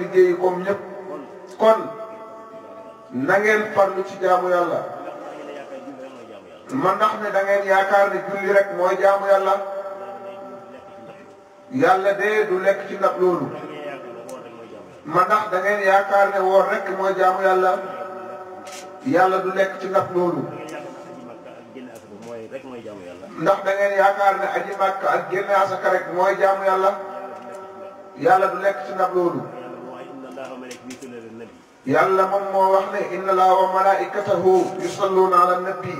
liggéey comme ñëpp kon na ngeen farlu ci jaamu yàlla ma ndax ne da yaakaar ne julli rek mooy jaamu yàlla yàlla de du lekk ci ndab loolu ndax da ngeen yaakaar ne woor rek mooy jaamu yàlla yàlla du lekk ci ndab loolu ndax da ngeen yaakaar ne aji màkk ak génne asaka rek mooy jaamu yàlla yàlla du lekk ci ndab loolu yàlla moom moo wax ne inna laa wa malaikatahu yusalluuna ala nabi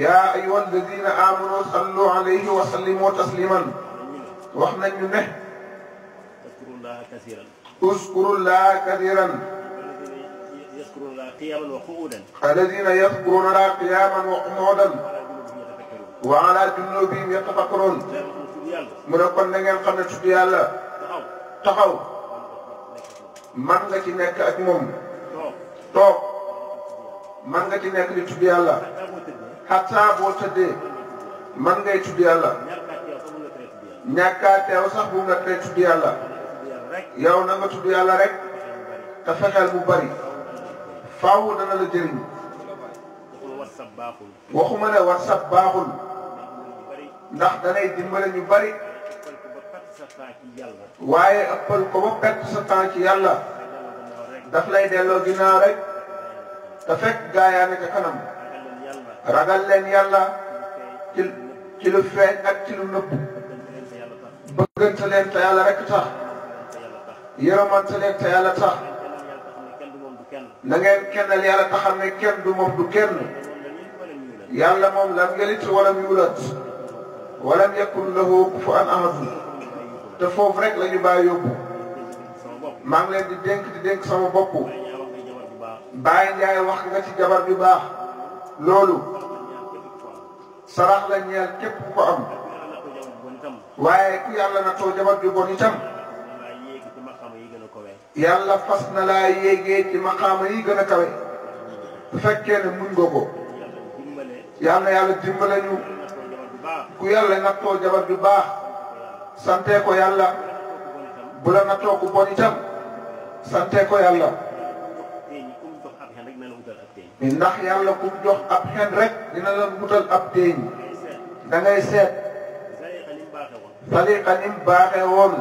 yaa ayuha alladina amanu sallu alayhi wa sallimu tasliman wax nañu ne uskuru llaha kathiran alladina yadkuruna laa qiyaman wa quudan wa ala junubihim yatafakkarun mu ne kon na ngeen xam ne tudd yàlla taxaw man nga ci nekk ak moom toog man nga ci nekk di tudd yàlla xataa boo tëddee man ngay tudd yàlla ñàkkaa teew sax bu nga tey tudd yàlla yow na nga tudd yàlla rek te fexeel bu bari faw dana la jëriñ waxuma ne whatsapp baaxul ndax danay dimbale ñu bari waaye ëppal ko ba perte sa temps ci yàlla daf lay delloo ginnaaw rek te fekk gaa yaa nekk kanam ragal leen yàlla ci ci lu feeñ ak ci lu nëbb bëggante leen te yàlla rek tax yërëmante leen te yàlla tax na ngeen kennal yàlla te kenn du moom du kenn yàlla moom lam yelit walam yuulat walam yakun lahu kufuwan ahad te foofu rek la ñu bàyyi yóbbu maa ngi leen di dénk di dénk sama bopp Baye Ndiaye wax nga ci jabar bi baax loolu sarax la ñeel képp ku ko am waaye ku yàlla na too jabar ju bon itam yàlla fas na laa yéegee ci maqaama yi gën a kawe bu fekkee ne muñ nga yàlla yàlla dimbale ñu ku yàlla na too jabar ju baax sante ko yàlla bu la na toog bon itam sante ko yàlla ndax yàlla ku jox ab xen rek dina la mutal ab déeñ da ngay seet saliqa nim baaxe woon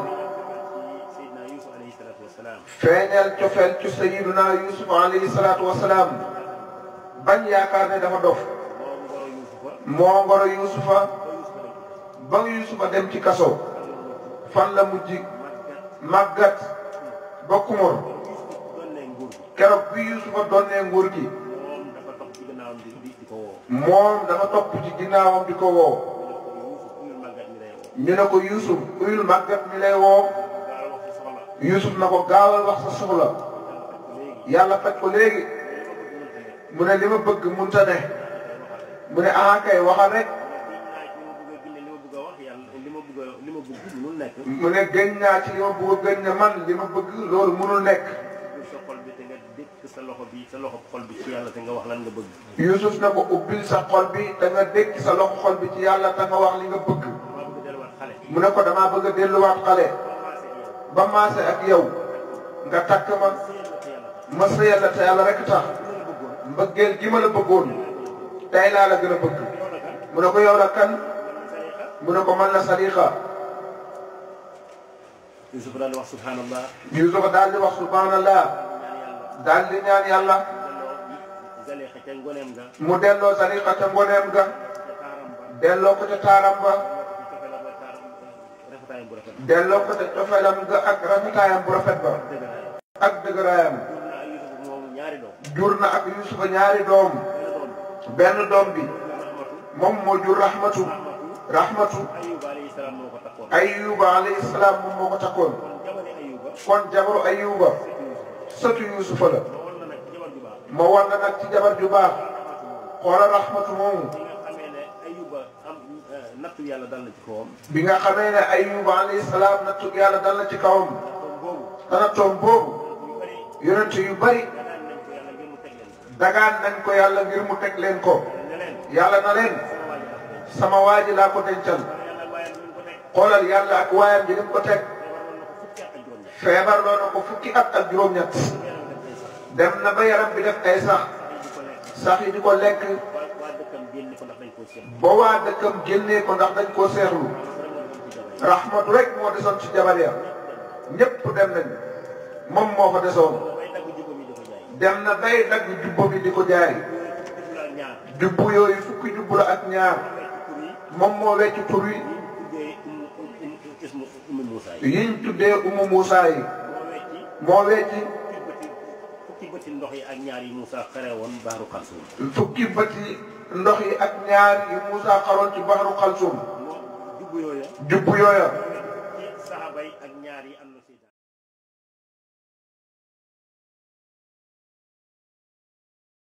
feeñal cofeel ci sayiduna yusuf alayhi salaatu wasalaam bañ yaakaar ne dafa dof moo ngoro yusufa ba yusufa dem ci kaso fan la mujj màggat ba kumur keroog bi Yuusufa donnee nguur gi moom dafa topp ci ginnaawam di ko wow ñu ne ko Yuusuf uyul màggat mi lay woo Yuusuf na ko gaawal wax sa soxla yàlla faj ko léegi mu ne li ma bëgg mënta ne mu ne ah kay mu ne gën naa ci li ma bëgg a ne man li ma bëgg loolu mënul nekk. sa xol bi te nga dékk sa loxo bi sa loxo xol bi ci yàlla te nga wax lan nga bëgg. Youssouf na ko ubbil sa xol bi te nga dékk sa loxo xol bi ci yàlla te nga wax li nga bëgg. mu ne ko damaa bëgg a delluwaat xale. ba maase ak yow. nga takk ma. ma sëyal la te yàlla rek tax. mbëggeel gi ma la bëggoon. tey laa la gën a bëgg. mu ne ko yow la kan. mu ne ko man la sariixa Yuusufa daal di wax subhanallah. Yuusufa daal di wax subhanallah. daal di ñaan yàlla. mu delloo Zaliqa ca ngoneem ga. delloo ko ca taaram ba. delloo ko ca cofeelam ga ak rafetaayam bu rafet ba. ak dëgëraayam. jur na ak Yuusufa ñaari doom. benn doom bi. moom moo jur rahmatu ayuba alayhi salaam moom moo ko takkoon kon jabaru ayuba sëtu yusufa la ma war na nag ci jabar ju baax xoola rahmatu moomu nattu yàlla dal na ci kawam bi nga xamee ne ayuba alayhi salaam nattu yàlla dal na ci kawam dana toom boobu yonente yu bari dagaan nañ ko yàlla ngir mu teg leen ko yàlla na leen sama waa ji laa ko dencal xoolal yàlla ak waayam ji ni mu ko teg feebar loo ko fukki at ak juróom-ñett dem na ba yaram bi def ay sax sax yi di ko lekk boo waa dëkkam génnee ko ndax dañ koo seetlu rahmatu rek moo desoon ci jabar ya ñëpp dem nañ moom moo ko desoon dem na bay dagg jubbo bi di ko jaay jubbu yooyu fukki jubbu la ak ñaar moom moo wecc tur wi. yi ñu tuddee umu Moussa yi. moo wecc. fukki bëti ndox yi ak ñaar yi Moussa xarewoon Baaru Xalsum. fukki bëti ndox yi ak ñaar yi Moussa xaroon ci Baaru Xalsum. jubbu yooya. jubbu yooya.